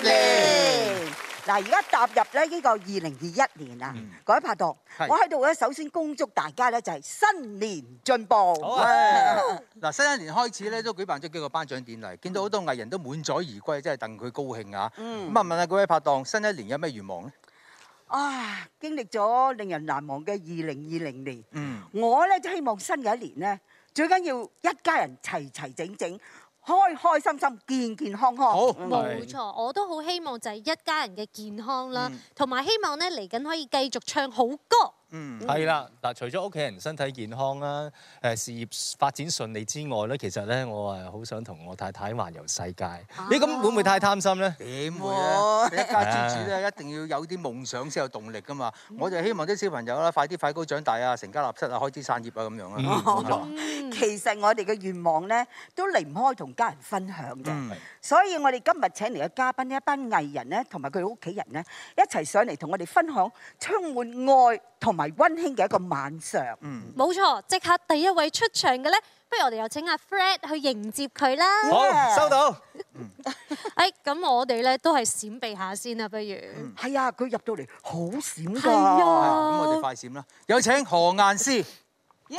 年嗱，而家踏入咧呢個二零二一年啊，各位拍檔，我喺度咧首先恭祝大家咧就係新年進步。係嗱，新一年開始咧都舉辦咗幾個頒獎典禮，見到好多藝人都滿載而歸，真係戥佢高興啊！嗯，咁啊，問下各位拍檔，新一年有咩願望咧？啊，經歷咗令人難忘嘅二零二零年，嗯，我咧就希望新嘅一年咧，最緊要一家人齊齊整整，開開心心、健健康康，冇錯，我都好希望就係一家人嘅健康啦，同、嗯、埋希望咧嚟緊可以繼續唱好歌。嗯，係啦，嗱，除咗屋企人身體健康啦，誒事業發展順利之外咧，其實咧，我係好想同我太太環遊世界。你咁會唔會太貪心咧？點會咧？你一家之主咧，一定要有啲夢想先有動力噶嘛。我就希望啲小朋友啦，快啲快高長大啊，成家立室啊，開枝散葉啊咁樣啦。其實我哋嘅願望咧，都離唔開同家人分享嘅。所以，我哋今日請嚟嘅嘉賓一班藝人咧，同埋佢屋企人咧，一齊上嚟同我哋分享充滿愛同埋溫馨嘅一個晚上，嗯，冇錯，即刻第一位出場嘅咧，不如我哋有請阿 Fred 去迎接佢啦。好，收到、嗯 。哎，咁我哋咧都係閃避下先啦，不如。嗯，嗯，係啊，佢入到嚟好閃㗎。啊，啊，咁我哋快閃啦。有請何雁詩。耶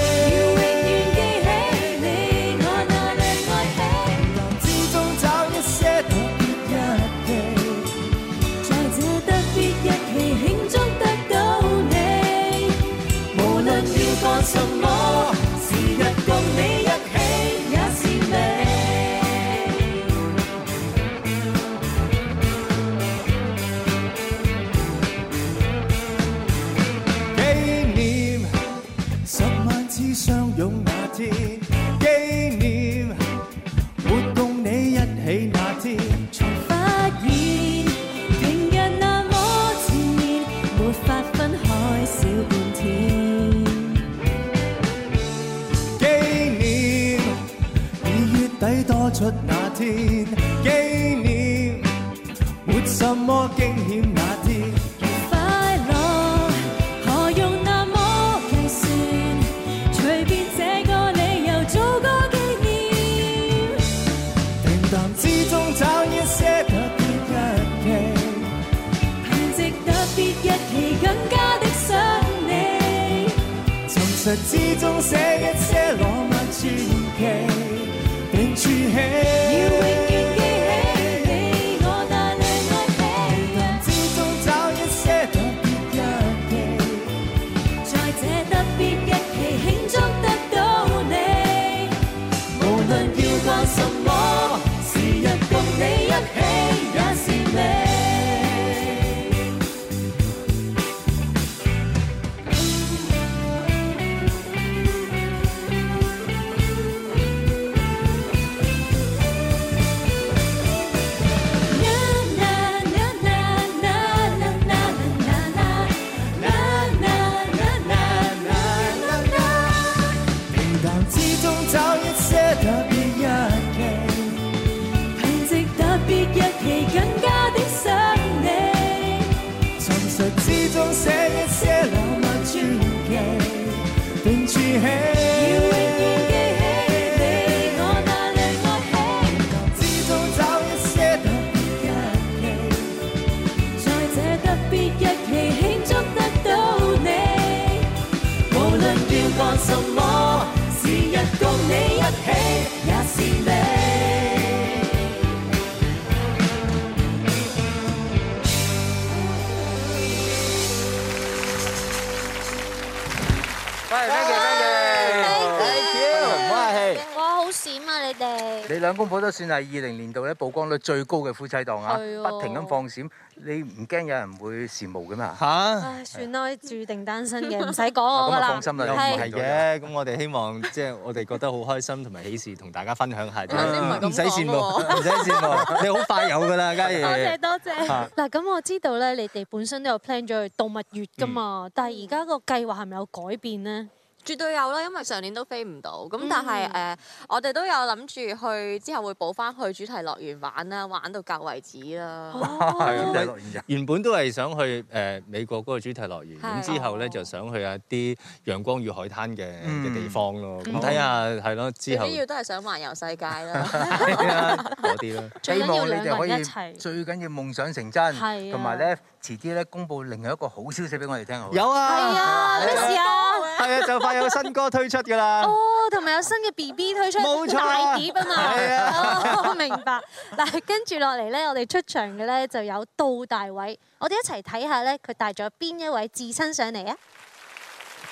閃啊！你哋你兩公婆都算係二零年度咧曝光率最高嘅夫妻檔啊，不停咁放閃，你唔驚有人會羨慕㗎嘛？嚇、啊啊！算啦，注定單身嘅，唔使講我啦，係唔係嘅？咁我哋希望即係、就是、我哋覺得好開心同埋 喜事，同大家分享一下。唔使羨慕，唔使羨慕，你好 閃 快有噶啦家姐。多謝多謝。嗱，咁、啊、我知道咧，你哋本身都有 plan 咗去度蜜月噶嘛，嗯、但係而家個計劃係咪有改變咧？絕對有啦，因為上年都飛唔到，咁、嗯、但係誒、呃，我哋都有諗住去之後會補翻去主題樂園玩啦，玩到夠為止啦。哦，主題樂園原本都係想去誒、呃、美國嗰個主題樂園，咁之後咧就想去一啲陽光與海灘嘅嘅、嗯、地方咯，睇下係咯。之後主要都係想環遊世界啦，嗰啲咯。最緊要兩個人一齊，最緊要夢想成真，同埋咧遲啲咧公佈另外一個好消息俾我哋聽好。有啊，係啊，咩事啊？係啊，就快有新歌推出噶啦！哦，同埋有新嘅 BB 推出冇大碟啊嘛！哦、我明白。嗱，跟住落嚟咧，我哋出場嘅咧就有杜大偉。我哋一齊睇下咧，佢帶咗邊一位至親上嚟啊！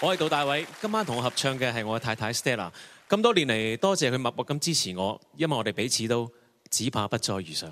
我係杜大偉，今晚同我合唱嘅係我嘅太太 Stella。咁多年嚟，多謝佢默默咁支持我，因為我哋彼此都只怕不再遇上。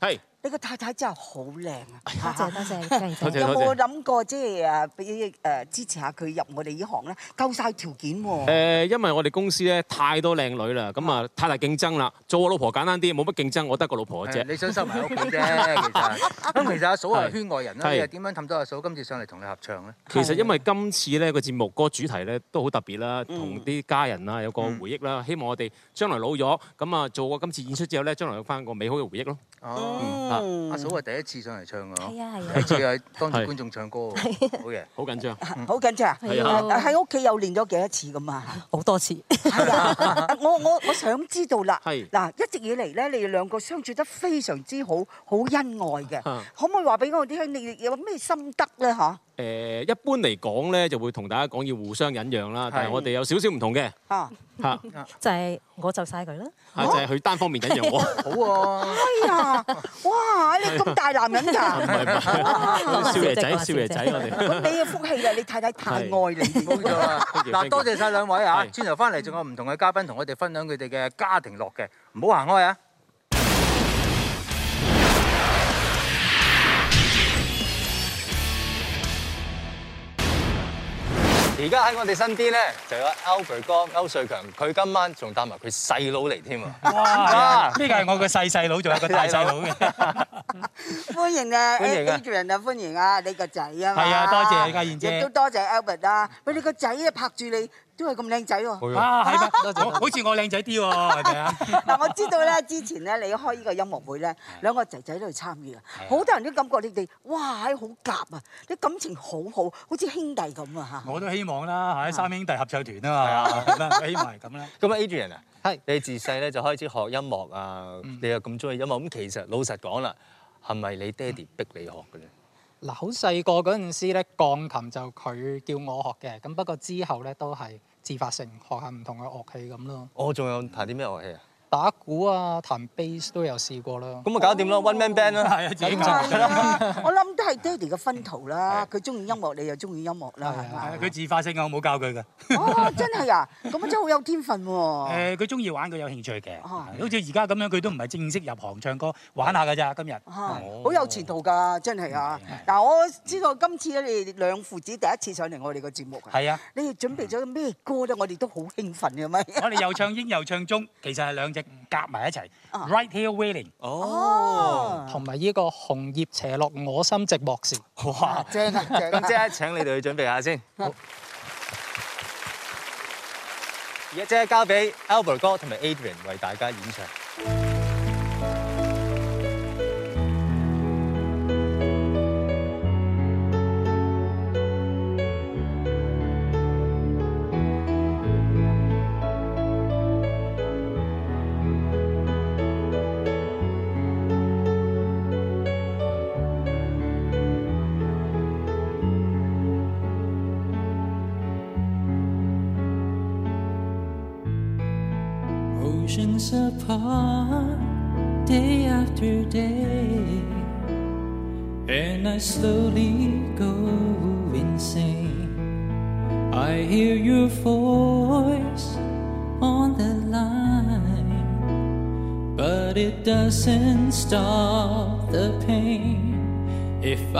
係，你個太太真係好靚啊！多謝多謝，謝，謝，謝，謝，謝，謝，有冇諗過即係誒，俾、就、誒、是啊、支持下佢入我哋呢行咧？夠晒條件喎、啊呃。因為我哋公司咧太多靚女啦，咁啊太大競爭啦。做我老婆簡單啲，冇乜競爭，我得個老婆啫。你想收埋老婆啫？咁其 其實阿嫂係圈外人啦，你又點樣氹到阿嫂今次上嚟同你合唱咧？其實因為今次咧個節目個主題咧都好特別啦，同啲家人啊有個回憶啦、嗯。希望我哋將來老咗咁啊，做過今次演出之後咧，將來有翻個美好嘅回憶咯。哦、啊，阿、嗯、嫂係第一次上嚟唱嘅嗬，第一次係當住觀眾唱歌，好嘢，好緊張，好緊張，喺屋企又練咗幾多次咁啊，好多次。係啊， 我我我想知道啦，嗱，一直以嚟咧，你哋兩個相處得非常之好，好恩愛嘅，可唔可以話俾我啲兄，你哋有咩心得咧？嚇？誒、呃、一般嚟講咧，就會同大家講要互相忍讓啦。但係我哋有少少唔同嘅嚇嚇，就係我就晒佢啦。啊，就係、係、佢、啊就係、單方面忍讓我。好喎、啊！哎呀，哇！你咁大男人㗎？唔係唔係，少爺仔少爺仔，我哋。你嘅福氣嚟，你太太太愛你。嗱，多謝晒、啊、兩位啊！轉頭翻嚟仲有唔同嘅嘉賓同我哋分享佢哋嘅家庭樂嘅，唔好行開啊！而家喺我哋身邊咧，就有 Albert 哥區瑞強，佢今晚仲帶埋佢細佬嚟添啊！哇！呢個係我個細細佬，仲有個大細佬嘅。啊、 歡迎啊，A. 住人啊，歡迎啊，你個仔啊嘛？係啊，多謝你家燕姐。也都多謝 Albert 啦、啊，畀你個仔啊拍住你，都係咁靚仔喎，啊， 好似我靚仔啲喎，係咪啊？嗱， 我知道咧，之前咧，你開呢個音樂會咧， 兩個仔仔都去參與啊。好多人都感覺你哋，哇，好夾啊，你感情好好，好似兄弟咁啊嚇。我都希望啦，係三兄弟合唱團啊嘛， 希望係咁啦。咁啊，Adrian 啊，係你自細咧就開始學音樂啊， 你又咁中意音樂，咁、嗯、其實老實講啦，係咪你爹哋逼你學嘅咧？嗱，好細個嗰陣時咧，鋼琴就佢叫我學嘅，咁不過之後咧都係自發性學下唔同嘅樂器咁咯。我仲有彈啲咩樂器啊？打鼓啊，彈 bass 都有試過啦。咁啊，搞掂咯，one man band、 啊、我諗爹哋嘅分啦，幾麻煩啦。我諗都係爹哋嘅分途啦，佢中意音樂，你又中意音樂啦，係佢、啊啊啊啊啊、自發性我冇教佢嘅。哦，真係啊，咁 樣真係好有天分喎、啊。佢中意玩，佢有興趣嘅。好似而家咁樣，佢都唔係正式入行唱歌，玩下㗎咋今日。好、啊哦、有前途㗎，真係啊！嗱、啊啊，我知道今次你哋兩父子第一次上嚟我哋個節目啊。係啊。你哋準備咗咩歌咧、啊？我哋都好興奮㗎咩？ 我哋又唱英又唱中，其實係兩隻。夾埋一齊，Right here waiting。哦，同埋呢個紅葉斜落我心寂寞時。哇，張啊張啊，咁即係請你哋去準備下先。而家即係交俾 Albert 哥同埋 Adrian 為大家演唱。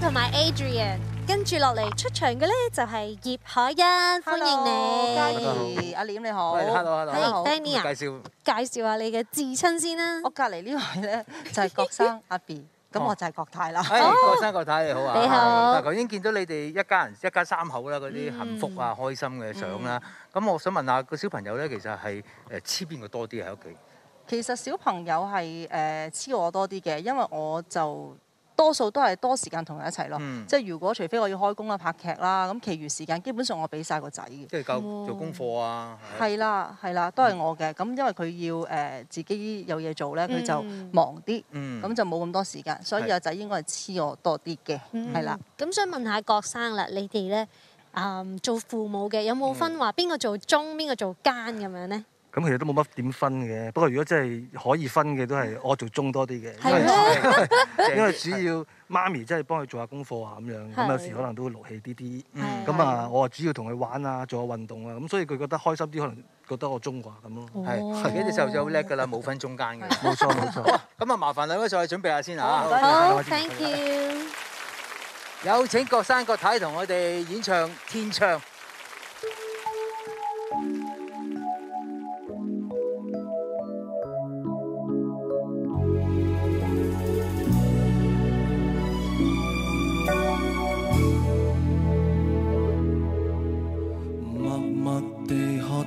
同埋 Adrian，跟住落嚟出場嘅咧就係葉凱茵，歡迎你。阿廉你好，hello hello 歡迎 Danny 啊介紹介紹下你嘅至親先啦。我隔離呢位咧就係郭生阿 B，咁我就係郭太啦。哎，郭生郭太你好啊。你好。嗱，頭先見到你哋一家人一家三口啦，嗰啲幸福啊、嗯、開心嘅相啦。咁、嗯、我想問下、個小朋友咧，其實係誒黐邊個多啲喺屋企？其實小朋友係誒黐我多啲嘅，因為我就。多數都係多時間同佢一齊咯，嗯、即係如果除非我要開工啦、拍劇啦，咁其餘時間基本上我俾晒個仔嘅，即係做功課啊。係啦，係啦，都係我嘅。咁、嗯、因為佢要誒、呃、自己有嘢做咧，佢就忙啲，咁、嗯、就冇咁多時間，所以阿仔應該係黐我多啲嘅，係、嗯、啦。咁想問下郭生啦，你哋咧誒做父母嘅有冇分話邊個、嗯、做中邊個做奸咁樣咧？咁其實都冇乜點分嘅，不過如果真係可以分嘅，都係我做中多啲嘅，因為因為主要媽咪真係幫佢做下功課啊咁樣，咁有時可能都會勞氣啲啲，咁啊、嗯、我啊主要同佢玩啊，做下運動啊，咁所以佢覺得開心啲，可能覺得我中啩咁咯，係係呢啲時候就好叻㗎啦，冇分中間嘅。冇錯冇錯，咁啊麻煩兩位再去準備下先嚇，好，thank you，有請郭生郭太同我哋演唱《天窗》。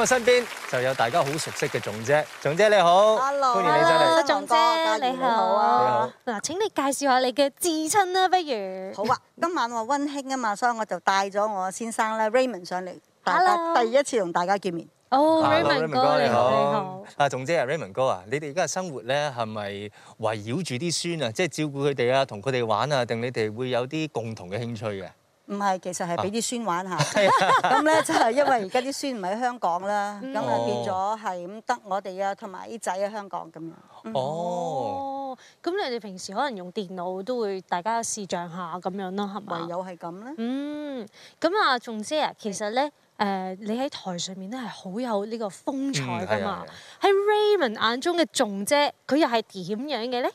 我身邊就有大家好熟悉嘅總姐，總姐你好，Hello，歡迎你上嚟。總姐，你好啊，你好。嗱，請你介紹下你嘅至親啦，不如。好啊，今晚話溫馨啊嘛，所以我就帶咗我先生咧 Raymond 上嚟，大家第一次同大家見面。哦、oh，Raymond 哥，哥你好。你好。啊，總姐啊，Raymond 哥啊，你哋而家生活咧係咪圍繞住啲孫啊？即係照顧佢哋啊，同佢哋玩啊，定你哋會有啲共同嘅興趣嘅？唔係，其實係俾啲孫玩下。咁、啊、咧， 就係因為而家啲孫唔喺香港啦，咁啊變咗係咁得我哋啊同埋啲仔喺香港咁樣。哦，咁、哦、你哋平時可能用電腦都會大家視像下咁樣咯，係嘛？唯有係咁咧。嗯，咁啊，仲姐啊，其實咧、呃，你喺台上面咧係好有呢個風采噶嘛。喺、嗯、Raymond 眼中嘅仲姐，佢又係點樣嘅咧？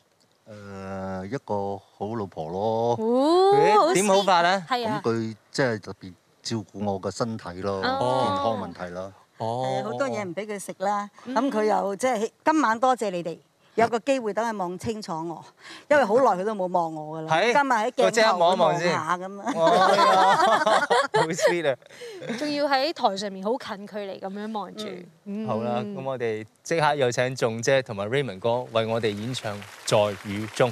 誒、呃、一個好老婆咯，點、哦、好法咧？咁佢即係特別照顧我嘅身體咯、哦，健康問題咯，好、哦呃、多嘢唔俾佢食啦。咁、哦、佢又即係、就是、今晚多謝，謝你哋。有個機會等佢望清楚我，因為好耐佢都冇望我㗎啦，加埋喺鏡頭望一望先咁 啊！好 sweet 啊！仲要喺台上面好近距離咁樣望住，嗯。嗯、好啦，咁我哋即刻有請仲姐同埋 Raymond 哥為我哋演唱《在雨中》。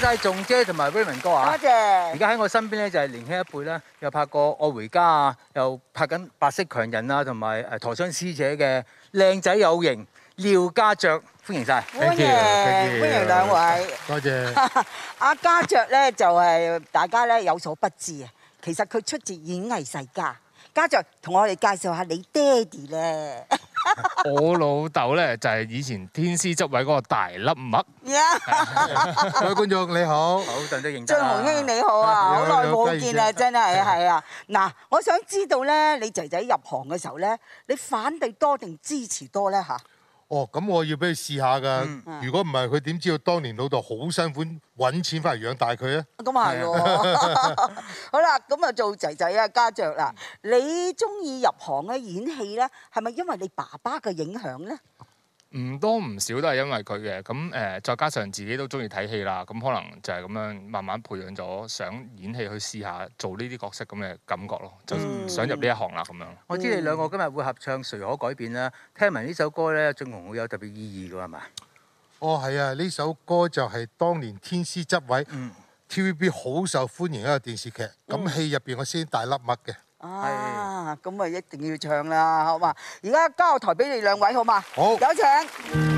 多謝仲姐同埋 Raymond 哥啊！多謝！而家喺我身邊咧就係年輕一輩啦，又拍過《愛回家》啊，又拍緊《白色強人》啊，同埋誒《陀槍師姐》嘅靚仔有型廖家爵，歡迎晒！歡迎，歡迎兩位！多謝。阿家爵咧就係大家咧有所不知啊，其實佢出自演藝世家。家就同我哋介紹下你爹哋咧。我老豆咧就係以前天師執位嗰個大粒墨。各、yeah. 位觀眾你好，好，陣即認真。駿雄兄你好啊，好耐冇見啦，yeah, yeah. 真係係啊。嗱，yeah. 我想知道咧，你仔仔入行嘅時候咧，你反對多定支持多咧吓？哦，咁我要俾佢試下㗎。如果唔係，佢點知道當年老豆好辛苦揾錢返嚟養大佢咧？咁係喎。 好啦，咁啊做仔仔啊家爵啦、嗯，你中意入行咧演戲咧，係咪因為你爸爸嘅影響咧？唔多唔少都係因為佢嘅，咁誒再加上自己都中意睇戲啦，咁可能就係咁樣慢慢培養咗想演戲去試下做呢啲角色咁嘅感覺咯，就想入呢一行啦咁、嗯、樣。我知你兩個今日會合唱《誰可改變》啦、嗯，聽聞呢首歌咧駿雄會有特別意義嘅係嘛？哦，係啊，呢首歌就係當年《天師執位》嗯、TVB 好受歡迎一個電視劇，咁、嗯、戲入邊我先大粒麥嘅。啊，咁咪一定要唱啦，好嘛？而家交台俾你兩位，好嘛？好，有請。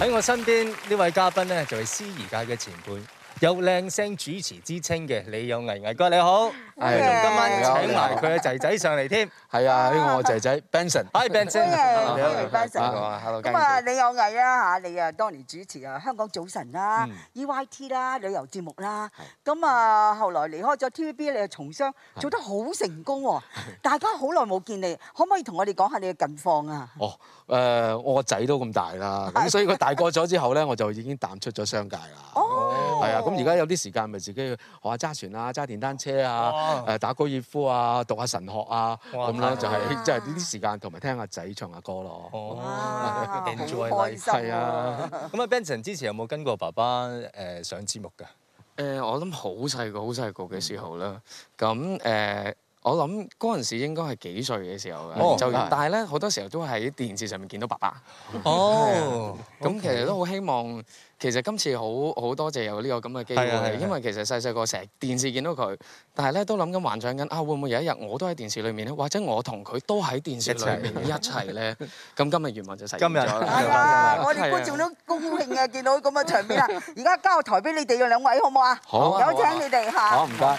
喺我身邊呢位嘉賓咧，就係司儀界嘅前輩，有靚聲主持之稱嘅李有毅毅哥，你好。Yeah, 今晚請埋佢嘅仔仔上嚟添，係 啊，呢、這個我仔仔 Benson，係 Hi , Benson，你 好，Benson，咁啊，你有毅啊嚇，你啊當年主持啊香港早晨啦、mm. EYT 啦旅遊節目啦，咁、mm. 啊後來離開咗 TVB，你又從商做得好成功喎、哦，大家好耐冇見你，可唔可以同我哋講下你嘅近況啊？哦、oh, uh,，我個仔都咁大啦，咁所以佢大個咗之後咧，我就已經淡出咗商界啦，係、oh. 啊，咁而家有啲時間咪自己學下揸船啊、揸電單車啊。Oh. 誒打高爾夫啊，讀下神學啊，咁啦、就是，就係即係呢啲時間，同埋聽下仔唱下歌咯。哦，好開心。係 啊，咁啊，Benjamin 之前有冇跟過爸爸誒、呃、上節目㗎？誒、呃，我諗好細個、好細個嘅時候啦。咁、嗯、誒、呃，我諗嗰陣時應該係幾歲嘅時候啊？哦，但係咧好多時候都喺電視上面見到爸爸。哦，咁、 嗯、其實都好希望。其實今次好好多謝有呢個咁嘅機會，因為其實細細個成日電視見到佢，但係咧都諗緊幻想緊啊，會唔會有一日我都喺電視裏面咧？或者我同佢都喺電視裏面一齊咧，咁 今日願望就實現咗。係 啊，我哋觀眾都高興啊，見到咁嘅場面啊！而家交台俾你哋嘅兩位好唔好啊？好，有請你哋嚇。好、啊，唔該。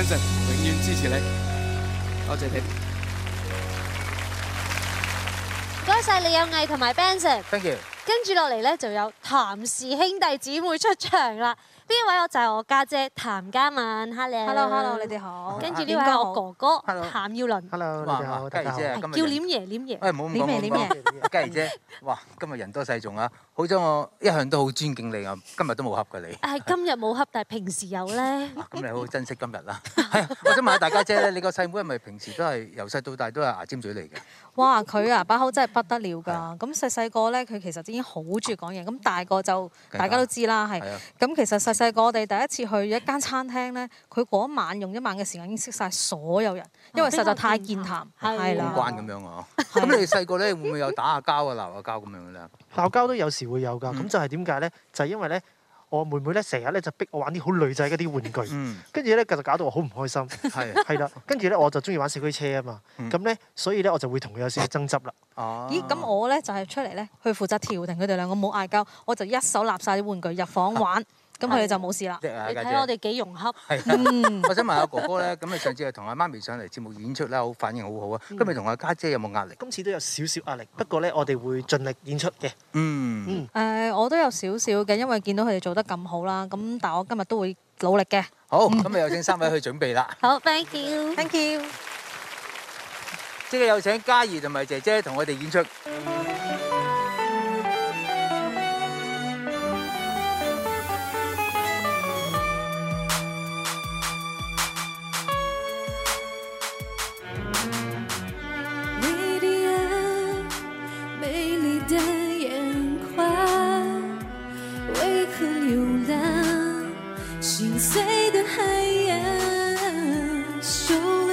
b e 永遠支持你，多謝，謝你。多謝，謝，謝你有毅同埋 Benjamin，跟住落嚟咧就有譚氏兄弟姊妹出場啦。呢位就我就係我家姐譚嘉敏。Hello，Hello，h e l l o 你哋好。跟住呢位我哥哥譚耀倫。h e l l o 你好，你好你好嘉怡姐。叫倫爺倫爺。哎，冇咁講啦，冇咁講啦。嘉怡姐，哇，姐今日，嗯、人多勢眾啊！好彩，我一向都好尊敬你啊！今日都冇恰嘅你。係今日冇恰，但係平時有咧。咁、啊、你好好珍惜今日啦。係、 哎，我想問下大家姐咧，你個細妹係咪平時都係由細到大都係牙尖嘴利嘅？哇！佢啊把口真係不得了㗎。咁細細個咧，佢其實已經好中意講嘢。咁大個就大家都知啦，係。咁其實細細個我哋第一次去一間餐廳咧，佢嗰晚用一晚嘅時間已經識晒所有人，因為實在太健談係啦。官咁樣啊！咁你哋細個咧會唔會有打下交啊、鬧下交咁樣咧？鬧 交都有時。會有㗎，咁就係點解咧？嗯、就係因為咧，我妹妹咧成日咧就逼我玩啲好女仔嗰啲玩具，跟住咧就續搞到我好唔開心。係係啦，跟住咧我就中意玩四驅車啊嘛，咁、嗯、咧所以咧我就會同佢有少少爭執啦。啊、咦？咁我咧就係、是、出嚟咧去負責調停佢哋兩個冇嗌交，我就一手立晒啲玩具入房玩。啊咁佢哋就冇事啦。你睇我哋幾融洽。嗯，我想問下哥哥咧，咁你上次係同阿媽咪上嚟節目演出啦，好反應好好啊。今日同阿家姐有冇壓力？今次都有少少壓力，不過咧我哋會盡力演出嘅。嗯。嗯。誒，我都有少少嘅，因為見到佢哋做得咁好啦，咁但我今日都會努力嘅。好，咁咪有請三位去準備啦。好，thank you，thank you。即係有請嘉怡同埋姐姐同我哋演出。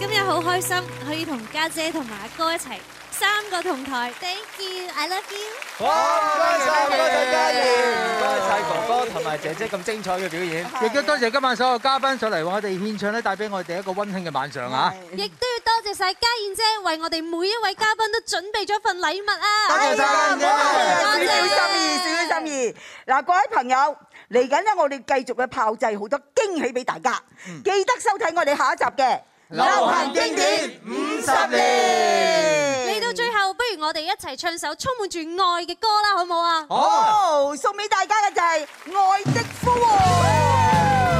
今日好開心可以同家姐同埋阿哥一齊，三個同台。Thank you, I love you。哇！多謝多謝嘉燕，多謝哥哥同埋姐姐咁精彩嘅表演，亦都多謝今晚所有嘉賓上嚟，我哋獻唱咧，帶俾我哋一個溫馨嘅晚上啊！亦都要多謝晒嘉燕姐為我哋每一位嘉賓都準備咗份禮物啊！多謝嘉燕姐，小心意，小心意。嗱，各位朋友，嚟緊咧，我哋繼續嘅炮製好多驚喜俾大家，記得收睇我哋下一集嘅。流行經典五十年，嚟到最後，不如我哋一齊唱首充滿住愛嘅歌啦，好唔好啊？好、哦，送俾大家嘅就係《愛的呼喚》哎。